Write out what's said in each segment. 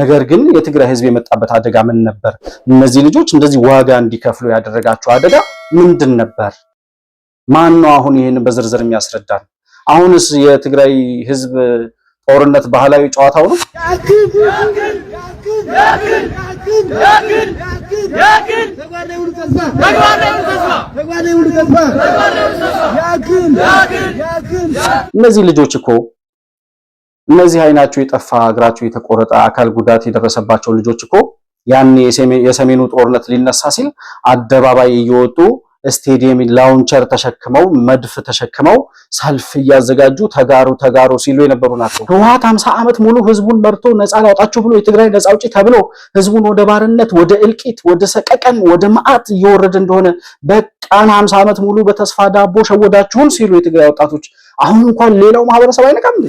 ነገር ግን የትግራይ ህዝብ የመጣበት አደጋ ምን ነበር? እነዚህ ልጆች እንደዚህ ዋጋ እንዲከፍሉ ያደረጋቸው አደጋ ምንድን ነበር? ማን ነው አሁን ይህን በዝርዝር የሚያስረዳን? አሁንስ የትግራይ ህዝብ ጦርነት ባህላዊ ጨዋታው ነው? እነዚህ ልጆች እኮ እነዚህ አይናቸው የጠፋ እግራቸው የተቆረጠ አካል ጉዳት የደረሰባቸው ልጆች እኮ ያኔ የሰሜኑ ጦርነት ሊነሳ ሲል አደባባይ እየወጡ ስቴዲየም ላውንቸር ተሸክመው መድፍ ተሸክመው ሰልፍ እያዘጋጁ ተጋሩ ተጋሩ ሲሉ የነበሩ ናቸው። ህወሓት ሃምሳ ዓመት ሙሉ ህዝቡን መርቶ ነፃ ላውጣችሁ ብሎ የትግራይ ነፃ አውጪ ተብሎ ህዝቡን ወደ ባርነት፣ ወደ እልቂት፣ ወደ ሰቀቀን፣ ወደ መዓት እየወረደ እንደሆነ ቀን 50 ዓመት ሙሉ በተስፋ ዳቦ ሸወዳችሁን ሲሉ የትግራይ ወጣቶች አሁን እንኳን ሌላው ማህበረሰብ አይነቃም እንዴ?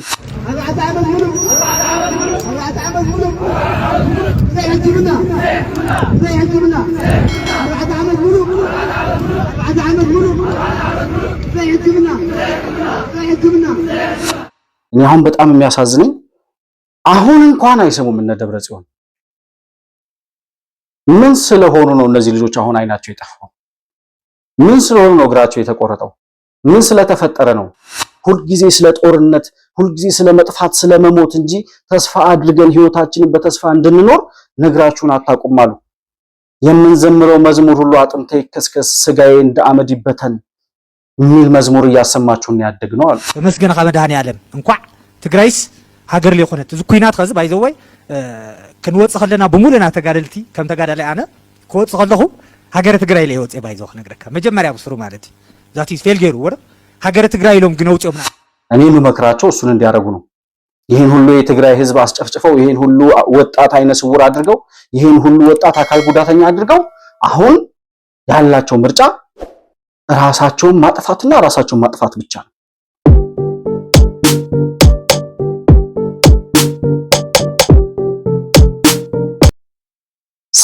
እኔ አሁን በጣም የሚያሳዝነኝ አሁን እንኳን አይሰሙም እነ ደብረ ጽዮን ምን ስለሆኑ ነው እነዚህ ልጆች አሁን አይናቸው የጠፋው? ምን ስለሆኑ ነው እግራቸው የተቆረጠው? ምን ስለተፈጠረ ነው? ሁልጊዜ ስለ ጦርነት፣ ሁልጊዜ ስለ መጥፋት፣ ስለ መሞት እንጂ ተስፋ አድርገን ህይወታችንን በተስፋ እንድንኖር ነግራችሁን አታውቁም አሉ። የምንዘምረው መዝሙር ሁሉ አጥንቴ ይከስከስ ስጋዬ እንደ አመድ ይበተን የሚል መዝሙር እያሰማችሁ ነው ያደግነው አሉ። ተመስገን ኻ መድኃኔዓለም እንኳዕ ትግራይስ ሃገር ዘይኮነት እዚ ኩናት ከዚ ባይዘወይ ክንወፅእ ከለና ብሙሉና ተጋደልቲ ከም ተጋዳላይ ኣነ ክወፅእ ከለኹ ሃገረ ትግራይ ላይ ወፀ ባይዞ ክነግረካ መጀመሪያ ብስሩ ማለት እዩ ዛት ፌል ገይሩ ወረ ሃገረ ትግራይ ኢሎም ግን ውፅኦም እኔ ልመክራቸው እሱን እንዲያደርጉ ነው። ይህን ሁሉ የትግራይ ህዝብ አስጨፍጭፈው ይህን ሁሉ ወጣት አይነ ስውር አድርገው ይህን ሁሉ ወጣት አካል ጉዳተኛ አድርገው አሁን ያላቸው ምርጫ ራሳቸውን ማጥፋትና ራሳቸውን ማጥፋት ብቻ ነው።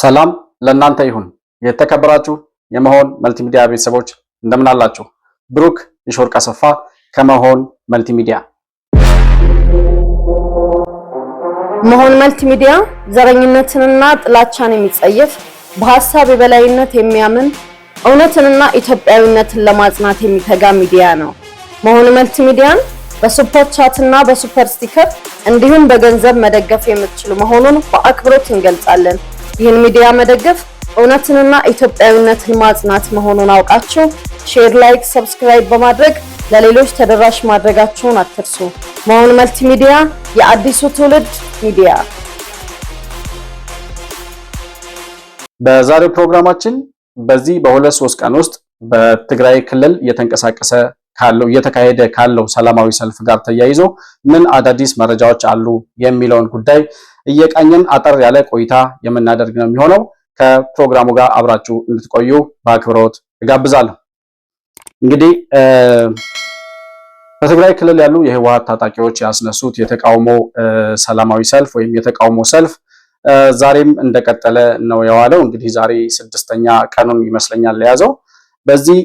ሰላም ለእናንተ ይሁን። የተከበራችሁ የመሆን መልቲሚዲያ ቤተሰቦች እንደምን አላችሁ? ብሩክ የሾርቅ አሰፋ ከመሆን መልቲሚዲያ። መሆን መልቲሚዲያ ዘረኝነትንና ጥላቻን የሚጸየፍ በሀሳብ የበላይነት የሚያምን እውነትንና ኢትዮጵያዊነትን ለማጽናት የሚተጋ ሚዲያ ነው። መሆን መልቲሚዲያን በሱፐር ቻት እና በሱፐር ስቲከር እንዲሁም በገንዘብ መደገፍ የምትችሉ መሆኑን በአክብሮት እንገልጻለን። ይህን ሚዲያ መደገፍ እውነትንና ኢትዮጵያዊነትን ማጽናት መሆኑን አውቃችሁ ሼር፣ ላይክ፣ ሰብስክራይብ በማድረግ ለሌሎች ተደራሽ ማድረጋችሁን አትርሱ። መሆን መልቲሚዲያ የአዲሱ ትውልድ ሚዲያ። በዛሬው ፕሮግራማችን በዚህ በሁለት ሶስት ቀን ውስጥ በትግራይ ክልል እየተንቀሳቀሰ ካለው እየተካሄደ ካለው ሰላማዊ ሰልፍ ጋር ተያይዞ ምን አዳዲስ መረጃዎች አሉ የሚለውን ጉዳይ እየቃኘን አጠር ያለ ቆይታ የምናደርግ ነው የሚሆነው። ከፕሮግራሙ ጋር አብራችሁ እንድትቆዩ በአክብሮት እጋብዛለሁ። እንግዲህ በትግራይ ክልል ያሉ የህወሀት ታጣቂዎች ያስነሱት የተቃውሞ ሰላማዊ ሰልፍ ወይም የተቃውሞ ሰልፍ ዛሬም እንደቀጠለ ነው የዋለው። እንግዲህ ዛሬ ስድስተኛ ቀኑን ይመስለኛል የያዘው። በዚህ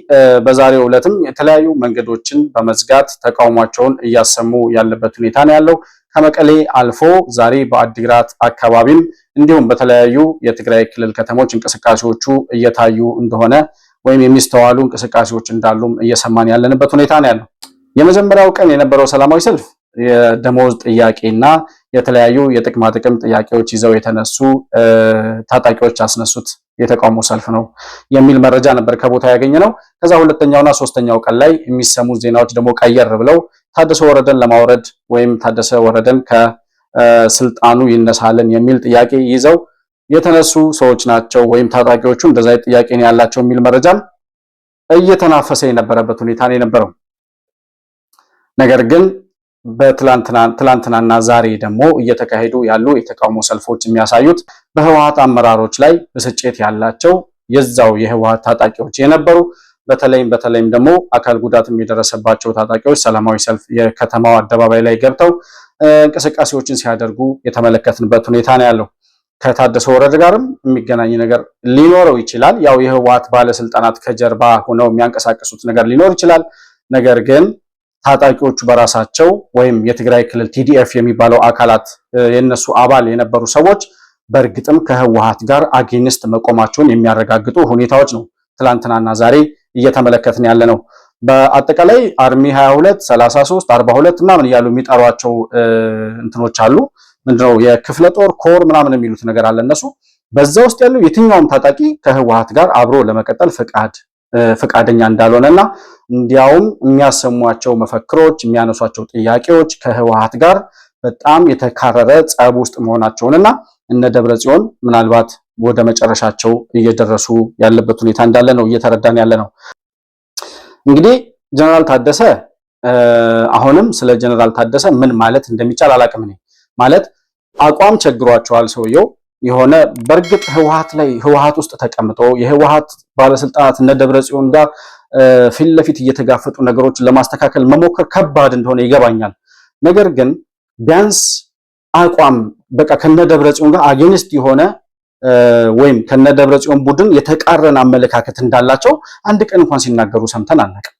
በዛሬው ዕለትም የተለያዩ መንገዶችን በመዝጋት ተቃውሟቸውን እያሰሙ ያለበት ሁኔታ ነው ያለው። ከመቀሌ አልፎ ዛሬ በአዲግራት አካባቢም እንዲሁም በተለያዩ የትግራይ ክልል ከተሞች እንቅስቃሴዎቹ እየታዩ እንደሆነ ወይም የሚስተዋሉ እንቅስቃሴዎች እንዳሉም እየሰማን ያለንበት ሁኔታ ነው ያለው። የመጀመሪያው ቀን የነበረው ሰላማዊ ሰልፍ የደሞዝ ጥያቄና የተለያዩ የጥቅማ ጥቅም ጥያቄዎች ይዘው የተነሱ ታጣቂዎች ያስነሱት የተቃውሞ ሰልፍ ነው የሚል መረጃ ነበር ከቦታ ያገኘ ነው። ከዛ ሁለተኛውና ሶስተኛው ቀን ላይ የሚሰሙ ዜናዎች ደግሞ ቀየር ብለው ታደሰ ወረደን ለማውረድ ወይም ታደሰ ወረደን ከስልጣኑ ይነሳልን የሚል ጥያቄ ይዘው የተነሱ ሰዎች ናቸው ወይም ታጣቂዎቹ እንደዛ ጥያቄ ያላቸው የሚል መረጃም እየተናፈሰ የነበረበት ሁኔታ ነው የነበረው። ነገር ግን በትላንትናና ዛሬ ደግሞ እየተካሄዱ ያሉ የተቃውሞ ሰልፎች የሚያሳዩት በህወሓት አመራሮች ላይ ብስጭት ያላቸው የዛው የህወሓት ታጣቂዎች የነበሩ በተለይም በተለይም ደግሞ አካል ጉዳት የደረሰባቸው ታጣቂዎች ሰላማዊ ሰልፍ የከተማው አደባባይ ላይ ገብተው እንቅስቃሴዎችን ሲያደርጉ የተመለከትንበት ሁኔታ ነው ያለው። ከታደሰ ወረደ ጋርም የሚገናኝ ነገር ሊኖረው ይችላል። ያው የህወሓት ባለስልጣናት ከጀርባ ሆነው የሚያንቀሳቀሱት ነገር ሊኖር ይችላል። ነገር ግን ታጣቂዎቹ በራሳቸው ወይም የትግራይ ክልል ቲዲኤፍ የሚባለው አካላት የነሱ አባል የነበሩ ሰዎች በእርግጥም ከህወሓት ጋር አጌንስት መቆማቸውን የሚያረጋግጡ ሁኔታዎች ነው ትላንትናና ዛሬ እየተመለከትን ያለ ነው። በአጠቃላይ አርሚ 22 33 42 ምናምን እያሉ የሚጠሯቸው እንትኖች አሉ። ምንድነው የክፍለ ጦር ኮር ምናምን የሚሉት ነገር አለ። እነሱ በዛ ውስጥ ያለው የትኛውም ታጣቂ ከህወሓት ጋር አብሮ ለመቀጠል ፍቃድ ፍቃደኛ እንዳልሆነ እና እንዲያውም የሚያሰሟቸው መፈክሮች፣ የሚያነሷቸው ጥያቄዎች ከህወሓት ጋር በጣም የተካረረ ጸብ ውስጥ መሆናቸውን እና እነ ደብረ ጽዮን ምናልባት ወደ መጨረሻቸው እየደረሱ ያለበት ሁኔታ እንዳለ ነው እየተረዳን ያለ ነው። እንግዲህ ጀነራል ታደሰ አሁንም ስለ ጀነራል ታደሰ ምን ማለት እንደሚቻል አላቅም። እኔ ማለት አቋም ቸግሯቸዋል ሰውየው የሆነ በእርግጥ ህወሀት ላይ ህወሀት ውስጥ ተቀምጦ የህወሀት ባለስልጣናት እነ ደብረ ጽዮን ጋር ፊት ለፊት እየተጋፈጡ ነገሮችን ለማስተካከል መሞከር ከባድ እንደሆነ ይገባኛል። ነገር ግን ቢያንስ አቋም በቃ ደብረ ጽዮን ጋር አጌንስት የሆነ ወይም ከነደብረ ጽዮን ቡድን የተቃረን አመለካከት እንዳላቸው አንድ ቀን እንኳን ሲናገሩ ሰምተን አናውቅም።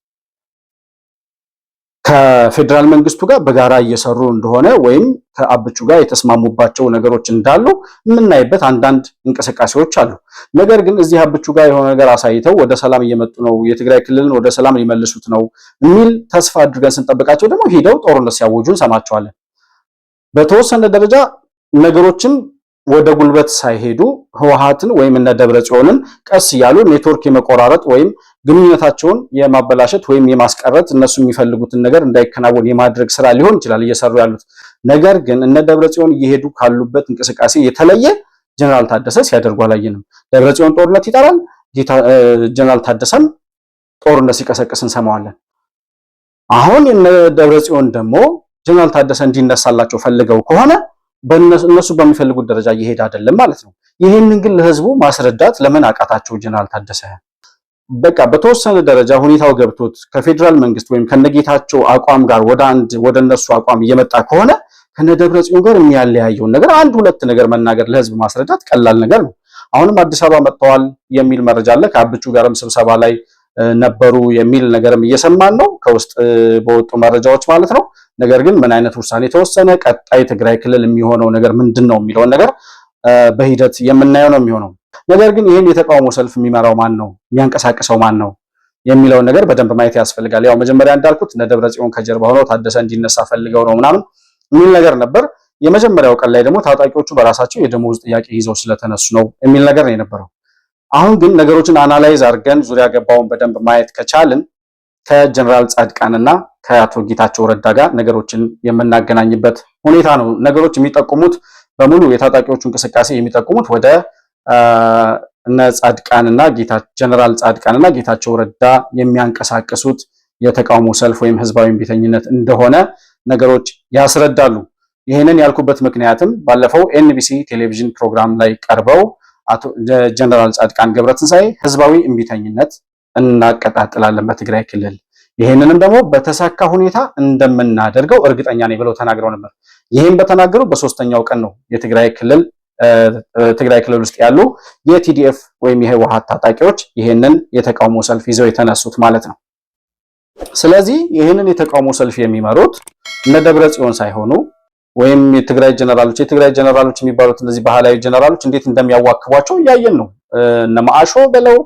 ከፌዴራል መንግስቱ ጋር በጋራ እየሰሩ እንደሆነ ወይም ከአብቹ ጋር የተስማሙባቸው ነገሮች እንዳሉ የምናይበት አንዳንድ እንቅስቃሴዎች አሉ። ነገር ግን እዚህ አብቹ ጋር የሆነ ነገር አሳይተው ወደ ሰላም እየመጡ ነው፣ የትግራይ ክልልን ወደ ሰላም ሊመልሱት ነው የሚል ተስፋ አድርገን ስንጠብቃቸው ደግሞ ሂደው ጦርነት ሲያወጁ እንሰማቸዋለን። በተወሰነ ደረጃ ነገሮችን ወደ ጉልበት ሳይሄዱ ህወሓትን ወይም እነ ደብረ ጽዮንን ቀስ እያሉ ኔትወርክ የመቆራረጥ ወይም ግንኙነታቸውን የማበላሸት ወይም የማስቀረት እነሱ የሚፈልጉትን ነገር እንዳይከናወን የማድረግ ስራ ሊሆን ይችላል እየሰሩ ያሉት። ነገር ግን እነ ደብረ ጽዮን እየሄዱ ካሉበት እንቅስቃሴ የተለየ ጀነራል ታደሰ ሲያደርጉ አላየንም። ደብረ ጽዮን ጦርነት ይጠራል፣ ጀነራል ታደሰም ጦርነት ሲቀሰቅስ እንሰማዋለን። አሁን እነ ደብረ ጽዮን ደግሞ ጀነራል ታደሰ እንዲነሳላቸው ፈልገው ከሆነ እነሱ በሚፈልጉት ደረጃ እየሄደ አይደለም ማለት ነው። ይህንን ግን ለህዝቡ ማስረዳት ለምን አቃታቸው? ጀነራል ታደሰ በቃ በተወሰነ ደረጃ ሁኔታው ገብቶት ከፌዴራል መንግስት ወይም ከነጌታቸው አቋም ጋር ወደ አንድ ወደ እነሱ አቋም እየመጣ ከሆነ ከነደብረ ጽዮን ጋር የሚያለያየውን ነገር አንድ ሁለት ነገር መናገር ለህዝብ ማስረዳት ቀላል ነገር ነው። አሁንም አዲስ አበባ መጥተዋል የሚል መረጃ አለ። ከአብቹ ጋርም ስብሰባ ላይ ነበሩ የሚል ነገርም እየሰማን ነው ከውስጥ በወጡ መረጃዎች ማለት ነው። ነገር ግን ምን አይነት ውሳኔ ተወሰነ፣ ቀጣይ ትግራይ ክልል የሚሆነው ነገር ምንድን ነው የሚለውን ነገር በሂደት የምናየው ነው የሚሆነው። ነገር ግን ይህን የተቃውሞ ሰልፍ የሚመራው ማን ነው፣ የሚያንቀሳቅሰው ማን ነው የሚለውን ነገር በደንብ ማየት ያስፈልጋል። ያው መጀመሪያ እንዳልኩት እነ ደብረ ጽዮን ከጀርባ ሆነው ታደሰ እንዲነሳ ፈልገው ነው ምናምን የሚል ነገር ነበር። የመጀመሪያው ቀን ላይ ደግሞ ታጣቂዎቹ በራሳቸው የደሞዝ ጥያቄ ይዘው ስለተነሱ ነው የሚል ነገር ነው የነበረው። አሁን ግን ነገሮችን አናላይዝ አድርገን ዙሪያ ገባውን በደንብ ማየት ከቻልን ከጀነራል ጻድቃንና ከአቶ ጌታቸው ረዳ ጋር ነገሮችን የምናገናኝበት ሁኔታ ነው። ነገሮች የሚጠቁሙት በሙሉ የታጣቂዎቹ እንቅስቃሴ የሚጠቁሙት ወደ እነ ጻድቃንና ጀነራል ጻድቃንና ጌታቸው ረዳ የሚያንቀሳቅሱት የተቃውሞ ሰልፍ ወይም ህዝባዊ ቤተኝነት እንደሆነ ነገሮች ያስረዳሉ። ይህንን ያልኩበት ምክንያትም ባለፈው ኤንቢሲ ቴሌቪዥን ፕሮግራም ላይ ቀርበው አቶ ጀነራል ጻድቃን ገብረትንሳኤ ህዝባዊ እምቢተኝነት እናቀጣጥላለን በትግራይ ክልል ይህንንም ደግሞ በተሳካ ሁኔታ እንደምናደርገው እርግጠኛ ነኝ ብለው ተናግረው ነበር። ይህም በተናገሩ በሶስተኛው ቀን ነው የትግራይ ክልል ትግራይ ክልል ውስጥ ያሉ የቲዲኤፍ ወይም የህወሓት ታጣቂዎች ይህንን የተቃውሞ ሰልፍ ይዘው የተነሱት ማለት ነው። ስለዚህ ይህንን የተቃውሞ ሰልፍ የሚመሩት እነ ደብረ ጽዮን ሳይሆኑ ወይም የትግራይ ጀነራሎች የትግራይ ጀነራሎች የሚባሉት እነዚህ ባህላዊ ጀነራሎች እንዴት እንደሚያዋክቧቸው እያየን ነው። እነ ማአሾ በለው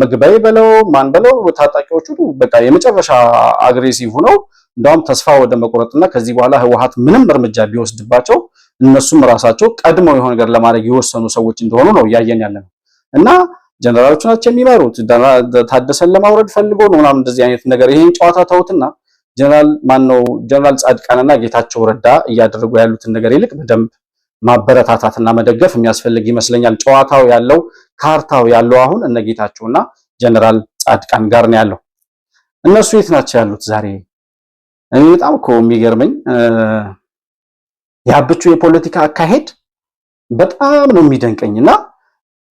ምግበይ በለው ማን በለው ታጣቂዎቹ በቃ የመጨረሻ አግሬሲቭ ሆነው እንዳውም ተስፋ ወደ መቁረጥና ከዚህ በኋላ ህወሀት ምንም እርምጃ ቢወስድባቸው እነሱም ራሳቸው ቀድመው የሆነ ነገር ለማድረግ የወሰኑ ሰዎች እንደሆኑ ነው እያየን ያለ ነው እና ጀነራሎቹ ናቸው የሚመሩት። ታደሰን ለማውረድ ፈልጎ ነው ምናምን እንደዚህ አይነት ነገር ይሄን ጨዋታ ተውትና ጀነራል ማነው ጀነራል ጻድቃንና ጌታቸው ረዳ እያደረጉ ያሉትን ነገር ይልቅ በደንብ ማበረታታትና መደገፍ የሚያስፈልግ ይመስለኛል። ጨዋታው ያለው ካርታው ያለው አሁን እነ ጌታቸውና ጀነራል ጻድቃን ጋር ነው ያለው። እነሱ የት ናቸው ያሉት ዛሬ? እኔ በጣም እኮ የሚገርመኝ የአብቹ የፖለቲካ አካሄድ በጣም ነው የሚደንቀኝና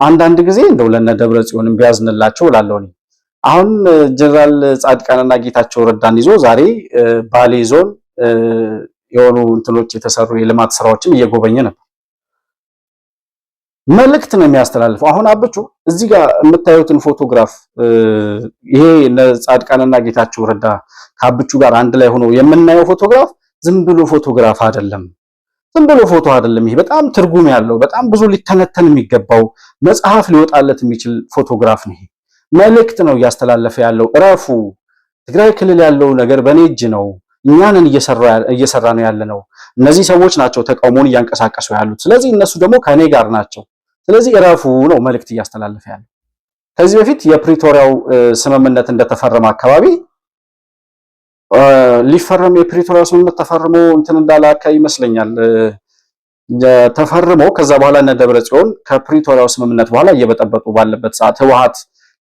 አንዳንድ ጊዜ እንደው ለነ ደብረ ጽዮንም ቢያዝንላቸው እላለሁ። አሁን ጀነራል ጻድቃንና ጌታቸው ረዳን ይዞ ዛሬ ባሌ ዞን የሆኑ እንትኖች የተሰሩ የልማት ስራዎችን እየጎበኘ ነበር። መልእክት ነው የሚያስተላልፈው። አሁን አብቹ እዚህ ጋር የምታዩትን ፎቶግራፍ ይሄ ጻድቃንና ጌታቸው ረዳ ከአብቹ ጋር አንድ ላይ ሆኖ የምናየው ፎቶግራፍ ዝም ብሎ ፎቶግራፍ አይደለም። ዝም ብሎ ፎቶ አይደለም። ይሄ በጣም ትርጉም ያለው በጣም ብዙ ሊተነተን የሚገባው መጽሐፍ ሊወጣለት የሚችል ፎቶግራፍ ነው። መልእክት ነው እያስተላለፈ ያለው። እረፉ፣ ትግራይ ክልል ያለው ነገር በእኔ እጅ ነው፣ እኛንን እየሰራ ነው ያለ ነው። እነዚህ ሰዎች ናቸው ተቃውሞን እያንቀሳቀሱ ያሉት። ስለዚህ እነሱ ደግሞ ከእኔ ጋር ናቸው። ስለዚህ እረፉ ነው መልእክት እያስተላለፈ ያለው። ከዚህ በፊት የፕሪቶሪያው ስምምነት እንደተፈረመ አካባቢ ሊፈረም የፕሪቶሪያው ስምምነት ተፈርሞ እንትን እንዳላከ ይመስለኛል ተፈርሞ ከዛ በኋላ እነ ደብረ ጽዮን ከፕሪቶሪያው ስምምነት በኋላ እየበጠበጡ ባለበት ሰዓት ህወሓት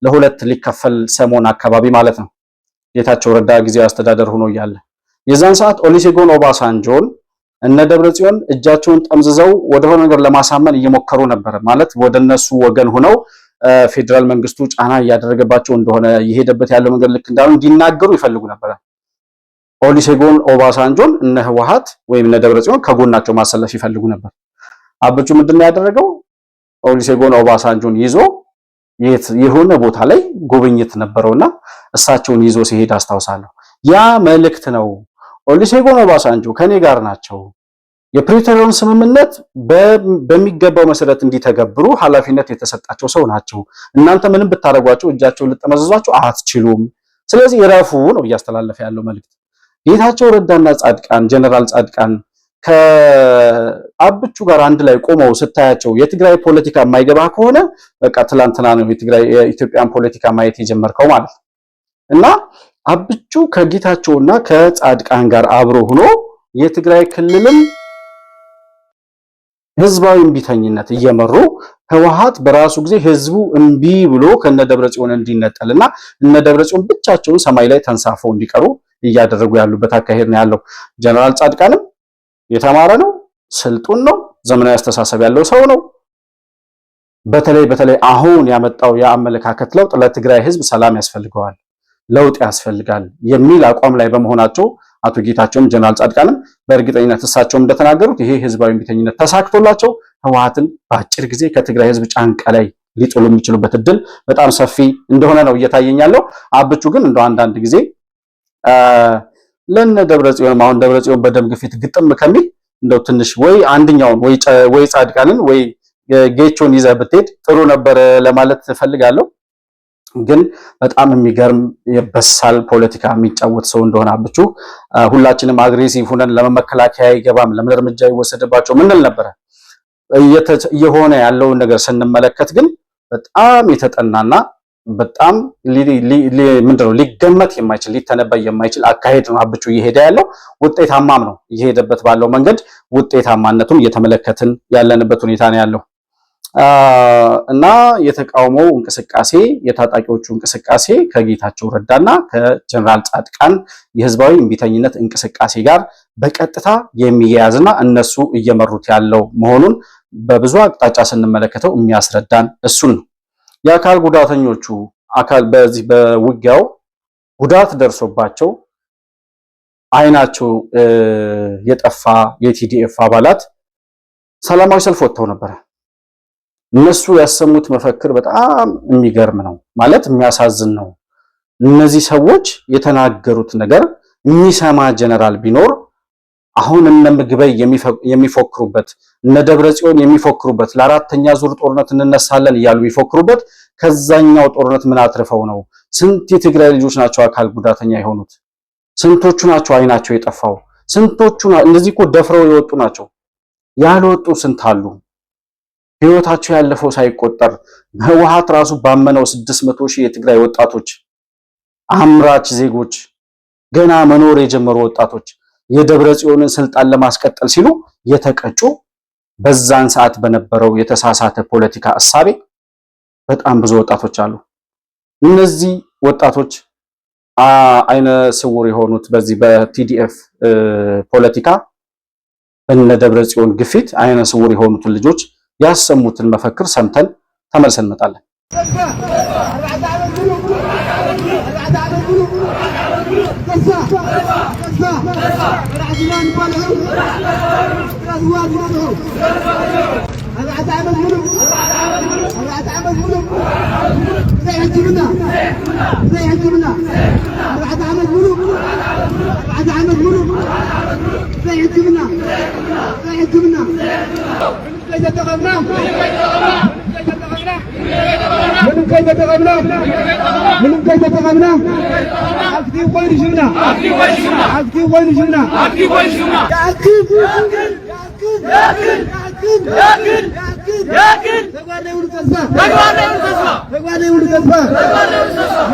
ለሁለት ሊከፈል ሰሞን አካባቢ ማለት ነው ጌታቸው ረዳ ጊዜያዊ አስተዳደር ሆኖ እያለ የዛን ሰዓት ኦሊሴጎን ኦባሳንጆን እነ ደብረ ጽዮን እጃቸውን ጠምዝዘው ወደሆነ ነገር ለማሳመን እየሞከሩ ነበር። ማለት ወደ እነሱ ወገን ሆነው ፌዴራል መንግስቱ ጫና እያደረገባቸው እንደሆነ እየሄደበት ያለው መንገድ ልክ እንዳሉ እንዲናገሩ ይፈልጉ ነበር። ኦሊሴጎን ኦባሳንጆን እነ ህወሓት ወይም እነ ደብረ ጽዮን ከጎናቸው ማሰለፍ ይፈልጉ ነበር። አብቹ ምንድን ነው ያደረገው? ኦሊሴጎን ኦባሳንጆን ይዞ የት የሆነ ቦታ ላይ ጉብኝት ነበረውና እሳቸውን ይዞ ሲሄድ አስታውሳለሁ። ያ መልእክት ነው። ኦሉሴጎን ኦባሳንጆ ከኔ ጋር ናቸው። የፕሪቶሪያውን ስምምነት በሚገባው መሰረት እንዲተገብሩ ኃላፊነት የተሰጣቸው ሰው ናቸው። እናንተ ምንም ብታደርጓቸው እጃቸውን ልጠመዘዟቸው አትችሉም። ስለዚህ እረፉ ነው እያስተላለፈ ያለው መልእክት። ጌታቸው ረዳና ጻድቃን ጀነራል ጻድቃን ከአብቹ ጋር አንድ ላይ ቆመው ስታያቸው የትግራይ ፖለቲካ የማይገባ ከሆነ በቃ ትላንትና ነው የትግራይ የኢትዮጵያን ፖለቲካ ማየት የጀመርከው ማለት እና አብቹ ከጌታቸውና ከጻድቃን ጋር አብሮ ሆኖ የትግራይ ክልልም ህዝባዊ እምቢተኝነት እየመሩ ህወሓት በራሱ ጊዜ ህዝቡ እምቢ ብሎ ከነ ደብረጽዮን እንዲነጠልና እነ ደብረጽዮን ብቻቸውን ሰማይ ላይ ተንሳፈው እንዲቀሩ እያደረጉ ያሉበት አካሄድ ነው ያለው። ጀነራል ጻድቃንም የተማረ ነው፣ ስልጡን ነው፣ ዘመናዊ አስተሳሰብ ያለው ሰው ነው። በተለይ በተለይ አሁን ያመጣው የአመለካከት ለውጥ ለትግራይ ህዝብ ሰላም ያስፈልገዋል፣ ለውጥ ያስፈልጋል የሚል አቋም ላይ በመሆናቸው አቶ ጌታቸውም ጀነራል ጻድቃንም በእርግጠኝነት እሳቸውም እንደተናገሩት ይሄ ህዝባዊ እምቢተኝነት ተሳክቶላቸው ህወሓትን በአጭር ጊዜ ከትግራይ ህዝብ ጫንቃ ላይ ሊጥሉ የሚችሉበት እድል በጣም ሰፊ እንደሆነ ነው እየታየኛለው። አብቹ ግን እንደው አንዳንድ ጊዜ ለነ ደብረ ጽዮን አሁን ደብረ ጽዮን በደም ግፊት ግጥም ከሚል እንደው ትንሽ ወይ አንደኛውን ወይ ጻድቃንን ወይ ጌቾን ይዘህ ብትሄድ ጥሩ ነበር ለማለት ፈልጋለሁ። ግን በጣም የሚገርም የበሳል ፖለቲካ የሚጫወት ሰው እንደሆነ አብቹ ሁላችንም አግሬሲቭ ሁነን ለመከላከያ አይገባም፣ ለምን እርምጃ ይወሰድባቸው ምንል ነበረ። እየሆነ ያለውን ነገር ስንመለከት ግን በጣም የተጠናና በጣም ምንድነው ሊገመት የማይችል ሊተነበይ የማይችል አካሄድ ነው አብቹ እየሄደ ያለው። ውጤታማም ነው እየሄደበት ባለው መንገድ ውጤታማነቱን እየተመለከትን ያለንበት ሁኔታ ነው ያለው እና የተቃውሞ እንቅስቃሴ የታጣቂዎቹ እንቅስቃሴ ከጌታቸው ረዳና ከጀነራል ጻድቃን የህዝባዊ እምቢተኝነት እንቅስቃሴ ጋር በቀጥታ የሚያያዝና እነሱ እየመሩት ያለው መሆኑን በብዙ አቅጣጫ ስንመለከተው የሚያስረዳን እሱን ነው። የአካል ጉዳተኞቹ አካል በዚህ በውጊያው ጉዳት ደርሶባቸው አይናቸው የጠፋ የቲዲኤፍ አባላት ሰላማዊ ሰልፍ ወጥተው ነበረ። እነሱ ያሰሙት መፈክር በጣም የሚገርም ነው፣ ማለት የሚያሳዝን ነው። እነዚህ ሰዎች የተናገሩት ነገር የሚሰማ ጀነራል ቢኖር አሁን እነ ምግበይ የሚፎክሩበት እነ ደብረ ጽዮን የሚፎክሩበት ለአራተኛ ዙር ጦርነት እንነሳለን እያሉ የሚፎክሩበት ከዛኛው ጦርነት ምን አትርፈው ነው? ስንት የትግራይ ልጆች ናቸው አካል ጉዳተኛ የሆኑት? ስንቶቹ ናቸው አይናቸው የጠፋው? ስንቶቹ እንደዚህ እኮ ደፍረው የወጡ ናቸው። ያልወጡ ስንት አሉ? ህይወታቸው ያለፈው ሳይቆጠር ህወሓት ራሱ ባመነው ስድስት መቶ ሺህ የትግራይ ወጣቶች አምራች ዜጎች ገና መኖር የጀመሩ ወጣቶች የደብረ ጽዮንን ስልጣን ለማስቀጠል ሲሉ የተቀጩ በዛን ሰዓት በነበረው የተሳሳተ ፖለቲካ እሳቤ በጣም ብዙ ወጣቶች አሉ። እነዚህ ወጣቶች አይነ ስውር የሆኑት በዚህ በቲዲኤፍ ፖለቲካ በነ ደብረ ጽዮን ግፊት አይነ ስውር የሆኑትን ልጆች ያሰሙትን መፈክር ሰምተን ተመልሰን እንመጣለን። كسا كسا العجلان بالعو الأزواج مدعو أنا أتعامل منهم أنا أتعامل منهم زي عجبنا زي عجبنا أنا أتعامل منهم أنا أتعامل منهم زي عجبنا زي عجبنا زي عجبنا كيف تغمنا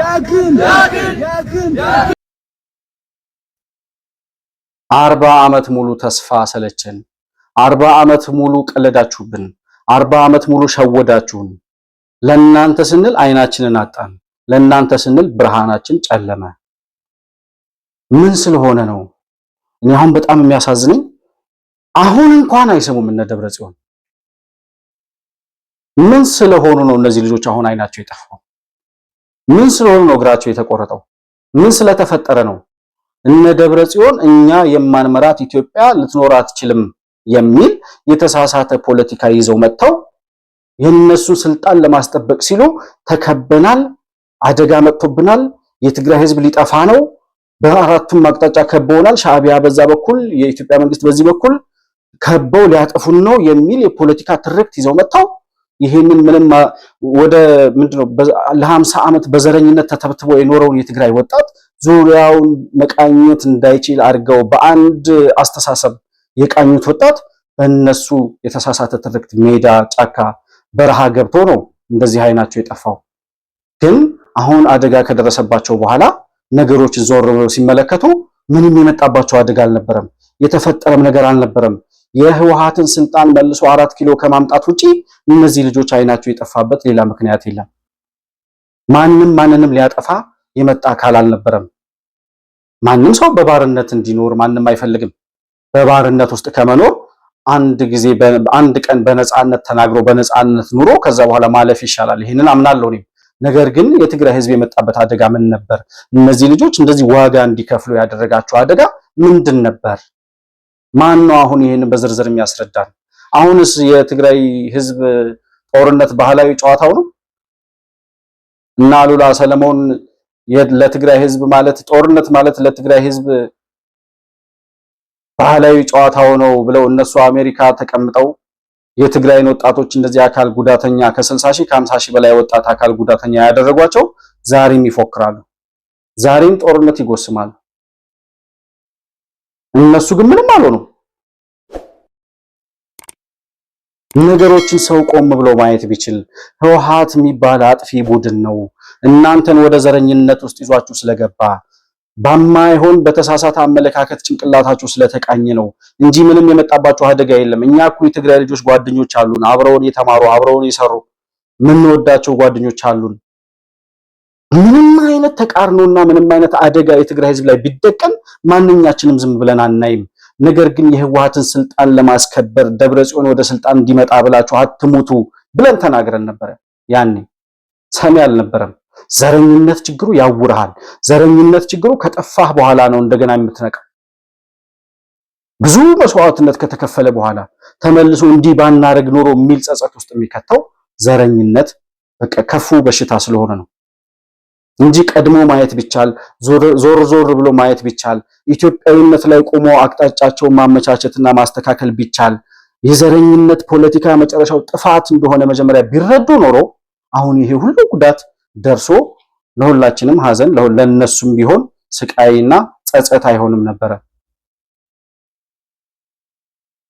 ያክል ያክል ያክል አርባ ዓመት ሙሉ ተስፋ ሰለቸን። አርባ ዓመት ሙሉ ቀለዳችሁብን። አርባ ዓመት ሙሉ ሸወዳችሁን። ለእናንተ ስንል አይናችንን አጣን። ለእናንተ ስንል ብርሃናችን ጨለመ። ምን ስለሆነ ነው? እኔ አሁን በጣም የሚያሳዝነኝ አሁን እንኳን አይሰሙም እነ ደብረ ጽዮን። ምን ስለሆኑ ነው እነዚህ ልጆች አሁን አይናቸው የጠፋው? ምን ስለሆኑ ነው እግራቸው የተቆረጠው? ምን ስለተፈጠረ ነው? እነ ደብረ ጽዮን እኛ የማንመራት ኢትዮጵያ ልትኖር አትችልም የሚል የተሳሳተ ፖለቲካ ይዘው መጥተው የነሱን ስልጣን ለማስጠበቅ ሲሉ ተከበናል፣ አደጋ መጥቶብናል፣ የትግራይ ህዝብ ሊጠፋ ነው፣ በአራቱም አቅጣጫ ከበውናል፣ ሻዕቢያ በዛ በኩል የኢትዮጵያ መንግስት በዚህ በኩል ከበው ሊያጠፉን ነው የሚል የፖለቲካ ትርክት ይዘው መጥተው ይህንን ምንም ወደ ምንድነው ለሀምሳ ዓመት በዘረኝነት ተተብትቦ የኖረውን የትግራይ ወጣት ዙሪያውን መቃኘት እንዳይችል አድርገው በአንድ አስተሳሰብ የቃኙት ወጣት በእነሱ የተሳሳተ ትርክት ሜዳ ጫካ በረሃ ገብቶ ነው እንደዚህ አይናቸው የጠፋው። ግን አሁን አደጋ ከደረሰባቸው በኋላ ነገሮች ዞር ብለው ሲመለከቱ ምንም የመጣባቸው አደጋ አልነበረም፣ የተፈጠረም ነገር አልነበረም። የህወሓትን ስልጣን መልሶ አራት ኪሎ ከማምጣት ውጪ እነዚህ ልጆች አይናቸው የጠፋበት ሌላ ምክንያት የለም። ማንም ማንንም ሊያጠፋ የመጣ አካል አልነበረም። ማንም ሰው በባርነት እንዲኖር ማንም አይፈልግም። በባርነት ውስጥ ከመኖር አንድ ጊዜ አንድ ቀን በነፃነት ተናግሮ በነፃነት ኑሮ ከዛ በኋላ ማለፍ ይሻላል። ይህንን አምናለሁ እኔም። ነገር ግን የትግራይ ህዝብ የመጣበት አደጋ ምን ነበር? እነዚህ ልጆች እንደዚህ ዋጋ እንዲከፍሉ ያደረጋቸው አደጋ ምንድን ነበር? ማን ነው አሁን ይህንን በዝርዝር የሚያስረዳን? አሁንስ የትግራይ ህዝብ ጦርነት ባህላዊ ጨዋታው ነው እና አሉላ ሰለሞን ለትግራይ ህዝብ ማለት ጦርነት ማለት ለትግራይ ህዝብ ባህላዊ ጨዋታው ነው ብለው እነሱ አሜሪካ ተቀምጠው የትግራይን ወጣቶች እንደዚህ አካል ጉዳተኛ ከ60 ሺህ ከ50 ሺህ በላይ ወጣት አካል ጉዳተኛ ያደረጓቸው ዛሬም ይፎክራሉ። ዛሬም ጦርነት ይጎስማሉ። እነሱ ግን ምንም አልሆኑም። ነገሮችን ሰው ቆም ብሎ ማየት ቢችል ህወሓት የሚባል አጥፊ ቡድን ነው እናንተን ወደ ዘረኝነት ውስጥ ይዟችሁ ስለገባ በማይሆን በተሳሳተ አመለካከት ጭንቅላታችሁ ስለተቃኘ ነው እንጂ ምንም የመጣባችሁ አደጋ የለም። እኛ እኮ የትግራይ ልጆች ጓደኞች አሉን፣ አብረውን የተማሩ አብረውን የሰሩ የምንወዳቸው ጓደኞች አሉን። ምንም አይነት ተቃርኖና ምንም አይነት አደጋ የትግራይ ህዝብ ላይ ቢደቀም ማንኛችንም ዝም ብለን አናይም። ነገር ግን የህወሓትን ስልጣን ለማስከበር ደብረ ጽዮን ወደ ስልጣን እንዲመጣ ብላችሁ አትሙቱ ብለን ተናግረን ነበረ። ያኔ ሰሚ አልነበረም። ዘረኝነት ችግሩ ያውርሃል። ዘረኝነት ችግሩ ከጠፋህ በኋላ ነው እንደገና የምትነቃ ብዙ መስዋዕትነት ከተከፈለ በኋላ ተመልሶ እንዲህ ባናረግ ኖሮ የሚል ጸጸት ውስጥ የሚከተው ዘረኝነት በቃ ከፉ በሽታ ስለሆነ ነው እንጂ ቀድሞ ማየት ቢቻል ዞር ዞር ብሎ ማየት ቢቻል ኢትዮጵያዊነት ላይ ቆሞ አቅጣጫቸውን ማመቻቸትና ማስተካከል ቢቻል የዘረኝነት ፖለቲካ መጨረሻው ጥፋት እንደሆነ መጀመሪያ ቢረዱ ኖሮ አሁን ይሄ ሁሉ ጉዳት ደርሶ ለሁላችንም ሐዘን ለነሱም ቢሆን ስቃይና ጸጸት አይሆንም ነበረ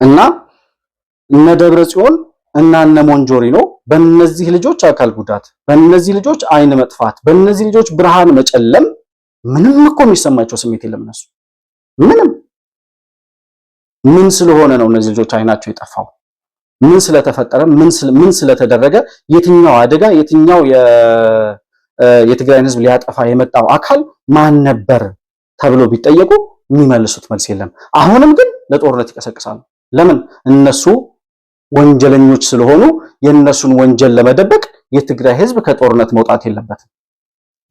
እና እነ ደብረ ጽዮን እና እነ ነው። በእነዚህ ልጆች አካል ጉዳት፣ በእነዚህ ልጆች አይን መጥፋት፣ በእነዚህ ልጆች ብርሃን መጨለም ምንም እኮ የሚሰማቸው ስሜት የለም። እነሱ ምንም ምን ስለሆነ ነው እነዚህ ልጆች አይናቸው የጠፋው? ምን ስለተፈጠረ ምን ስለተደረገ የትኛው አደጋ የትኛው የትግራይን ህዝብ ሊያጠፋ የመጣው አካል ማን ነበር ተብሎ ቢጠየቁ የሚመልሱት መልስ የለም። አሁንም ግን ለጦርነት ይቀሰቅሳሉ። ለምን? እነሱ ወንጀለኞች ስለሆኑ የእነሱን ወንጀል ለመደበቅ የትግራይ ህዝብ ከጦርነት መውጣት የለበትም።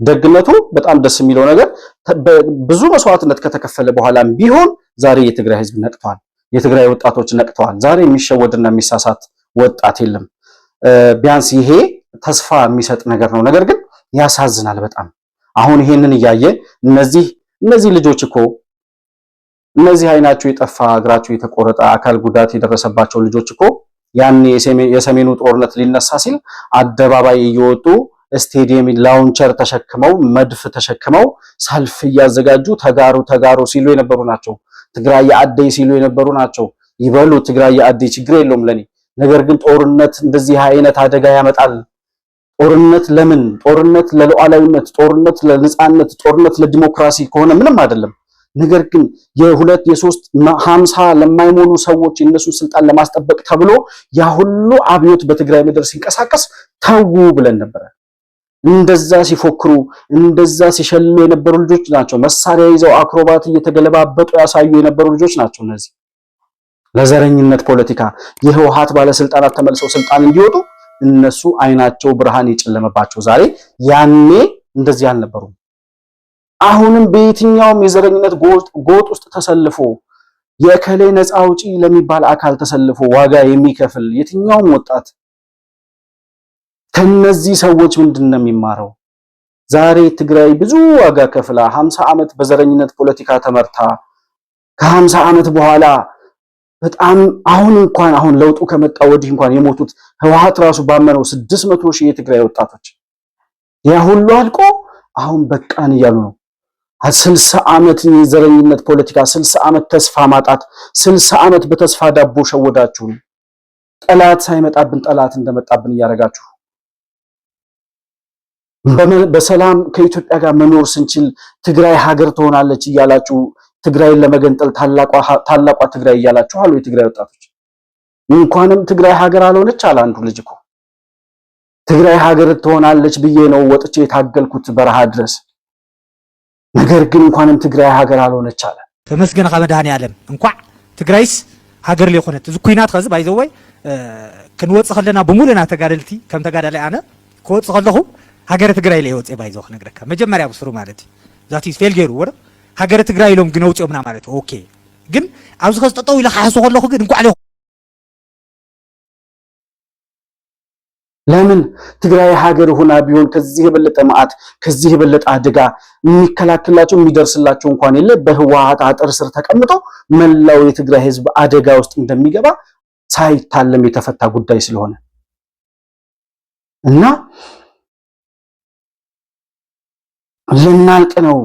ደግነቱ በጣም ደስ የሚለው ነገር ብዙ መስዋዕትነት ከተከፈለ በኋላም ቢሆን ዛሬ የትግራይ ህዝብ ነቅቷል። የትግራይ ወጣቶች ነቅተዋል። ዛሬ የሚሸወድና የሚሳሳት ወጣት የለም። ቢያንስ ይሄ ተስፋ የሚሰጥ ነገር ነው። ነገር ግን ያሳዝናል በጣም አሁን ይሄንን እያየ እነዚህ እነዚህ ልጆች እኮ እነዚህ አይናቸው የጠፋ እግራቸው የተቆረጠ አካል ጉዳት የደረሰባቸው ልጆች እኮ ያን የሰሜኑ ጦርነት ሊነሳ ሲል አደባባይ እየወጡ ስቴዲየም ላውንቸር ተሸክመው መድፍ ተሸክመው ሰልፍ እያዘጋጁ ተጋሩ ተጋሩ ሲሉ የነበሩ ናቸው። ትግራይ የአደይ ሲሉ የነበሩ ናቸው። ይበሉ ትግራይ የአደይ ችግር የለውም ለኔ። ነገር ግን ጦርነት እንደዚህ አይነት አደጋ ያመጣል። ጦርነት ለምን? ጦርነት ለሉዓላዊነት፣ ጦርነት ለነጻነት፣ ጦርነት ለዲሞክራሲ ከሆነ ምንም አይደለም። ነገር ግን የሁለት የሶስት ሀምሳ ለማይሞሉ ሰዎች የእነሱን ስልጣን ለማስጠበቅ ተብሎ ያ ሁሉ አብዮት በትግራይ ምድር ሲንቀሳቀስ ተዉ ብለን ነበረ። እንደዛ ሲፎክሩ እንደዛ ሲሸልሉ የነበሩ ልጆች ናቸው። መሳሪያ ይዘው አክሮባት እየተገለባበጡ ያሳዩ የነበሩ ልጆች ናቸው። እነዚህ ለዘረኝነት ፖለቲካ የህወሓት ባለስልጣናት ተመልሰው ስልጣን እንዲወጡ እነሱ አይናቸው ብርሃን የጨለመባቸው ዛሬ፣ ያኔ እንደዚህ አልነበሩም። አሁንም በየትኛውም የዘረኝነት ጎጥ ውስጥ ተሰልፎ የእከሌ ነፃ አውጪ ለሚባል አካል ተሰልፎ ዋጋ የሚከፍል የትኛውም ወጣት ከነዚህ ሰዎች ምንድን ነው የሚማረው? ዛሬ ትግራይ ብዙ ዋጋ ከፍላ 50 ዓመት በዘረኝነት ፖለቲካ ተመርታ ከ50 ዓመት በኋላ በጣም አሁን እንኳን አሁን ለውጡ ከመጣ ወዲህ እንኳን የሞቱት ህወሓት ራሱ ባመነው 600 ሺህ የትግራይ ወጣቶች ያ ሁሉ አልቆ አሁን በቃን እያሉ ነው። 60 ዓመት የዘረኝነት ፖለቲካ፣ 60 ዓመት ተስፋ ማጣት፣ 60 ዓመት በተስፋ ዳቦ ሸወዳችሁ። ጠላት ሳይመጣብን ጠላት እንደመጣብን እያደረጋችሁ በሰላም ከኢትዮጵያ ጋር መኖር ስንችል ትግራይ ሀገር ትሆናለች እያላችሁ ትግራይን ለመገንጠል ታላቋ ትግራይ እያላችሁ አሉ የትግራይ ወጣቶች። እንኳንም ትግራይ ሀገር አልሆነች አለ አንዱ ልጅ እኮ ትግራይ ሀገር ትሆናለች ብዬ ነው ወጥቼ የታገልኩት በረሃ ድረስ። ነገር ግን እንኳንም ትግራይ ሀገር አልሆነች አለ። ተመስገን መድኃኔዓለም እንኳ ትግራይስ ሀገር ሊሆነት እዚ ኩናት ከዚ ባይዘወይ ክንወፅእ ከለና ብሙሉና ተጋደልቲ ከም ተጋዳላይ ኣነ ክወፅእ ከለኹ ሃገረ ትግራይ ላይ ወፅእ ባይ ዘው ክነግረካ መጀመርያ ብስሩ ማለት እዩ ዛት ኢዝ ፌል ገይሩ ወረ ሃገረ ትግራይ ኢሎም ግን ኣውፅኦምና ማለት ኦኬ ግን ኣብዚ ከዚ ጠጠው ኢለ ካሓሶ ከለኹ ግን እንኳዕ ለምን ትግራይ ሀገር ሁና ቢሆን ከዚህ የበለጠ መዓት ከዚህ የበለጠ አደጋ የሚከላከልላቸው የሚደርስላቸው እንኳን የለ በህወሓት አጥር ስር ተቀምጠው መላው የትግራይ ህዝብ አደጋ ውስጥ እንደሚገባ ሳይታለም የተፈታ ጉዳይ ስለሆነ እና ልናልቅ ነው፣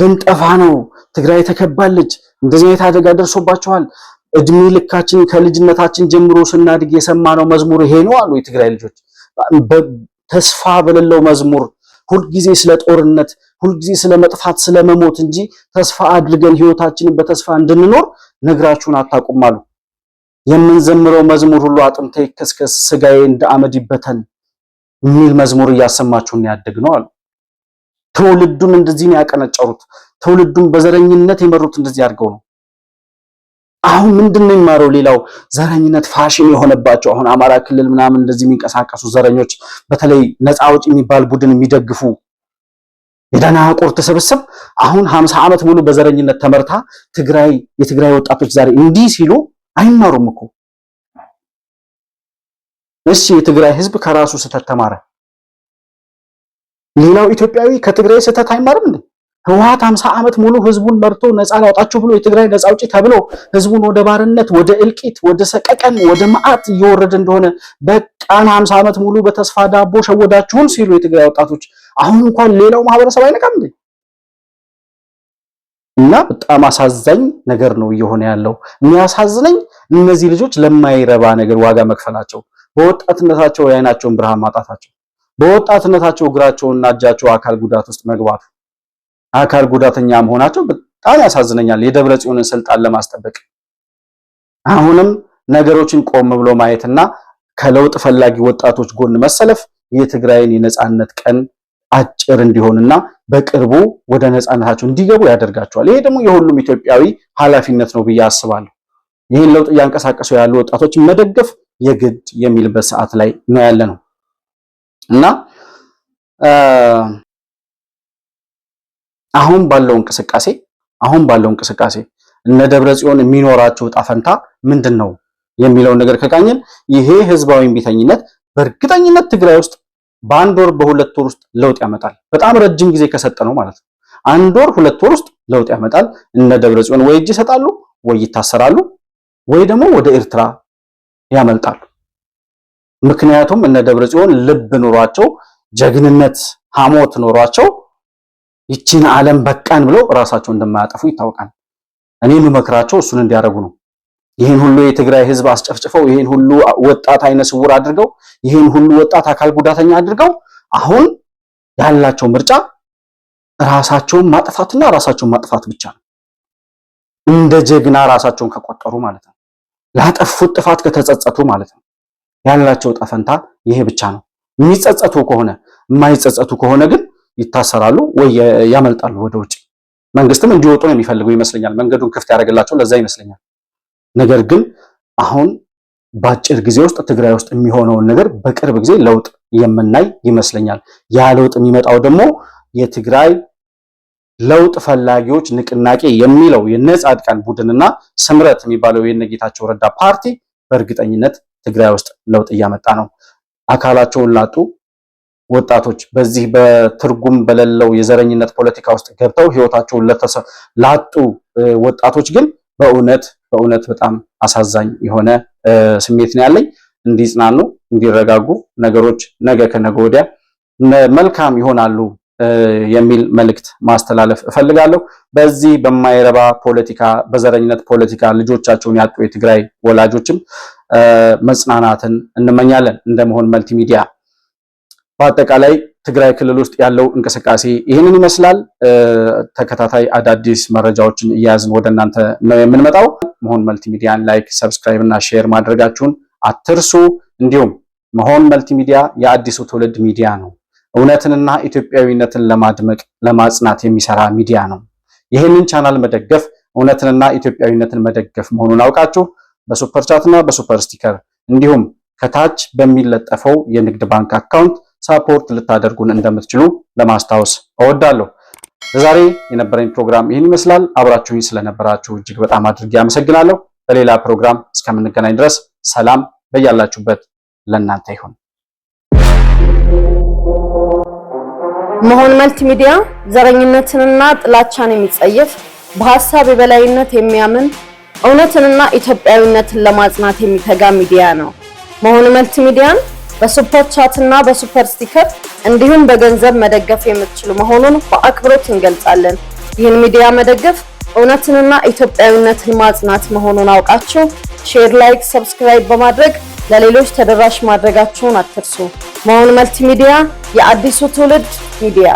ልንጠፋ ነው፣ ትግራይ ተከባለች፣ እንደዚህ አይነት አደጋ ደርሶባቸዋል። እድሜ ልካችን ከልጅነታችን ጀምሮ ስናድግ የሰማነው መዝሙር ይሄ ነው አሉ የትግራይ ልጆች። ተስፋ በሌለው መዝሙር ሁልጊዜ ስለ ጦርነት፣ ሁልጊዜ ስለ መጥፋት፣ ስለ መሞት እንጂ ተስፋ አድርገን ህይወታችንን በተስፋ እንድንኖር ነግራችሁን አታውቁም አሉ። የምንዘምረው መዝሙር ሁሉ አጥንቴ ይከስከስ፣ ስጋዬ እንደ አመድ ይበተን የሚል መዝሙር እያሰማችሁን ያደግ ነው አሉ። ትውልዱን እንደዚህ ነው ያቀነጨሩት። ትውልዱን በዘረኝነት የመሩት እንደዚህ አድርገው ነው። አሁን ምንድን ነው የሚማረው? ሌላው ዘረኝነት ፋሽን የሆነባቸው አሁን አማራ ክልል ምናምን እንደዚህ የሚንቀሳቀሱ ዘረኞች፣ በተለይ ነፃ አውጪ የሚባል ቡድን የሚደግፉ የደናቁር ስብስብ አሁን ሀምሳ ዓመት ሙሉ በዘረኝነት ተመርታ ትግራይ የትግራይ ወጣቶች ዛሬ እንዲህ ሲሉ አይማሩም እኮ። እሺ የትግራይ ህዝብ ከራሱ ስህተት ተማረ። ሌላው ኢትዮጵያዊ ከትግራይ ስህተት አይማርም እንዴ? ህወሓት 50 ዓመት ሙሉ ህዝቡን መርቶ ነፃ ላውጣችሁ ብሎ የትግራይ ነፃ አውጪ ተብሎ ህዝቡን ወደ ባርነት፣ ወደ እልቂት፣ ወደ ሰቀቀን፣ ወደ መዓት እየወረደ እንደሆነ በቃን 50 ዓመት ሙሉ በተስፋ ዳቦ ሸወዳችሁን ሲሉ የትግራይ ወጣቶች አሁን እንኳን ሌላው ማህበረሰብ አይነቃም እንዴ? እና በጣም አሳዛኝ ነገር ነው እየሆነ ያለው። የሚያሳዝነኝ እነዚህ ልጆች ለማይረባ ነገር ዋጋ መክፈላቸው፣ በወጣትነታቸው የዓይናቸውን ብርሃን ማጣታቸው በወጣትነታቸው እግራቸውና እጃቸው አካል ጉዳት ውስጥ መግባት አካል ጉዳተኛ መሆናቸው በጣም ያሳዝነኛል። የደብረ ጽዮንን ስልጣን ለማስጠበቅ አሁንም ነገሮችን ቆም ብሎ ማየትና ከለውጥ ፈላጊ ወጣቶች ጎን መሰለፍ የትግራይን የነጻነት ቀን አጭር እንዲሆንና በቅርቡ ወደ ነጻነታቸው እንዲገቡ ያደርጋቸዋል። ይሄ ደግሞ የሁሉም ኢትዮጵያዊ ኃላፊነት ነው ብዬ አስባለሁ። ይህን ለውጥ እያንቀሳቀሱ ያሉ ወጣቶችን መደገፍ የግድ የሚልበት ሰዓት ላይ ነው ያለ ነው። እና አሁን ባለው እንቅስቃሴ አሁን ባለው እንቅስቃሴ እነ ደብረ ጽዮን የሚኖራቸው ጣፈንታ ምንድን ነው የሚለውን ነገር ከቃኘን ይሄ ህዝባዊ እምቢተኝነት በእርግጠኝነት ትግራይ ውስጥ በአንድ ወር በሁለት ወር ውስጥ ለውጥ ያመጣል። በጣም ረጅም ጊዜ ከሰጠ ነው ማለት ነው። አንድ ወር ሁለት ወር ውስጥ ለውጥ ያመጣል። እነ ደብረ ጽዮን ወይ እጅ ይሰጣሉ፣ ወይ ይታሰራሉ፣ ወይ ደግሞ ወደ ኤርትራ ያመልጣሉ። ምክንያቱም እነ ደብረ ጽዮን ልብ ኑሯቸው ጀግንነት ሐሞት ኑሯቸው ይቺን ዓለም በቃን ብለው ራሳቸው እንደማያጠፉ ይታወቃል። እኔ የምመክራቸው እሱን እንዲያደርጉ ነው። ይህን ሁሉ የትግራይ ህዝብ አስጨፍጭፈው ይህን ሁሉ ወጣት አይነ ስውር አድርገው ይህን ሁሉ ወጣት አካል ጉዳተኛ አድርገው አሁን ያላቸው ምርጫ ራሳቸውን ማጥፋትና ራሳቸውን ማጥፋት ብቻ ነው። እንደ ጀግና ራሳቸውን ከቆጠሩ ማለት ነው። ላጠፉት ጥፋት ከተጸጸቱ ማለት ነው። ያላቸው ጠፈንታ ይሄ ብቻ ነው። የሚጸጸቱ ከሆነ የማይጸጸቱ ከሆነ ግን ይታሰራሉ ወይ ያመልጣሉ ወደ ውጭ። መንግስትም እንዲወጡ ነው የሚፈልገው ይመስለኛል። መንገዱን ክፍት ያደረገላቸው ለዛ ይመስለኛል። ነገር ግን አሁን በአጭር ጊዜ ውስጥ ትግራይ ውስጥ የሚሆነውን ነገር በቅርብ ጊዜ ለውጥ የምናይ ይመስለኛል። ያ ለውጥ የሚመጣው ደግሞ የትግራይ ለውጥ ፈላጊዎች ንቅናቄ የሚለው የነጻድቃን ቡድንና ስምረት የሚባለው የነጌታቸው ረዳ ፓርቲ በእርግጠኝነት ትግራይ ውስጥ ለውጥ እያመጣ ነው። አካላቸውን ላጡ ወጣቶች በዚህ በትርጉም በሌለው የዘረኝነት ፖለቲካ ውስጥ ገብተው ህይወታቸውን ላጡ ወጣቶች ግን በእውነት በእውነት በጣም አሳዛኝ የሆነ ስሜት ነው ያለኝ። እንዲጽናኑ፣ እንዲረጋጉ ነገሮች ነገ ከነገ ወዲያ መልካም ይሆናሉ የሚል መልእክት ማስተላለፍ እፈልጋለሁ። በዚህ በማይረባ ፖለቲካ፣ በዘረኝነት ፖለቲካ ልጆቻቸውን ያጡ የትግራይ ወላጆችም መጽናናትን እንመኛለን። እንደመሆን መልቲሚዲያ በአጠቃላይ ትግራይ ክልል ውስጥ ያለው እንቅስቃሴ ይህንን ይመስላል። ተከታታይ አዳዲስ መረጃዎችን እያያዝን ወደ እናንተ ነው የምንመጣው። መሆን መልቲሚዲያን ላይክ፣ ሰብስክራይብ እና ሼር ማድረጋችሁን አትርሱ። እንዲሁም መሆን መልቲሚዲያ የአዲሱ ትውልድ ሚዲያ ነው። እውነትንና ኢትዮጵያዊነትን ለማድመቅ ለማጽናት የሚሰራ ሚዲያ ነው። ይህንን ቻናል መደገፍ እውነትንና ኢትዮጵያዊነትን መደገፍ መሆኑን አውቃችሁ በሱፐር ቻትና በሱፐር ስቲከር እንዲሁም ከታች በሚለጠፈው የንግድ ባንክ አካውንት ሳፖርት ልታደርጉን እንደምትችሉ ለማስታወስ እወዳለሁ። ለዛሬ የነበረኝ ፕሮግራም ይህን ይመስላል። አብራችሁኝ ስለነበራችሁ እጅግ በጣም አድርጌ አመሰግናለሁ። በሌላ ፕሮግራም እስከምንገናኝ ድረስ ሰላም በያላችሁበት ለእናንተ ይሁን። መሆን ሚዲያ ዘረኝነትንና ጥላቻን የሚጸየፍ በሀሳብ የበላይነት የሚያምን እውነትንና ኢትዮጵያዊነትን ለማጽናት የሚተጋ ሚዲያ ነው። መሆን መልቲሚዲያን በሱፐር ቻትና በሱፐር ስቲከር እንዲሁም በገንዘብ መደገፍ የምትችሉ መሆኑን በአክብሮት እንገልጻለን። ይህን ሚዲያ መደገፍ እውነትንና ኢትዮጵያዊነትን ማጽናት መሆኑን አውቃችሁ ሼር፣ ላይክ፣ ሰብስክራይብ በማድረግ ለሌሎች ተደራሽ ማድረጋችሁን አትርሱ። መሆን መልቲሚዲያ የአዲሱ ትውልድ ሚዲያ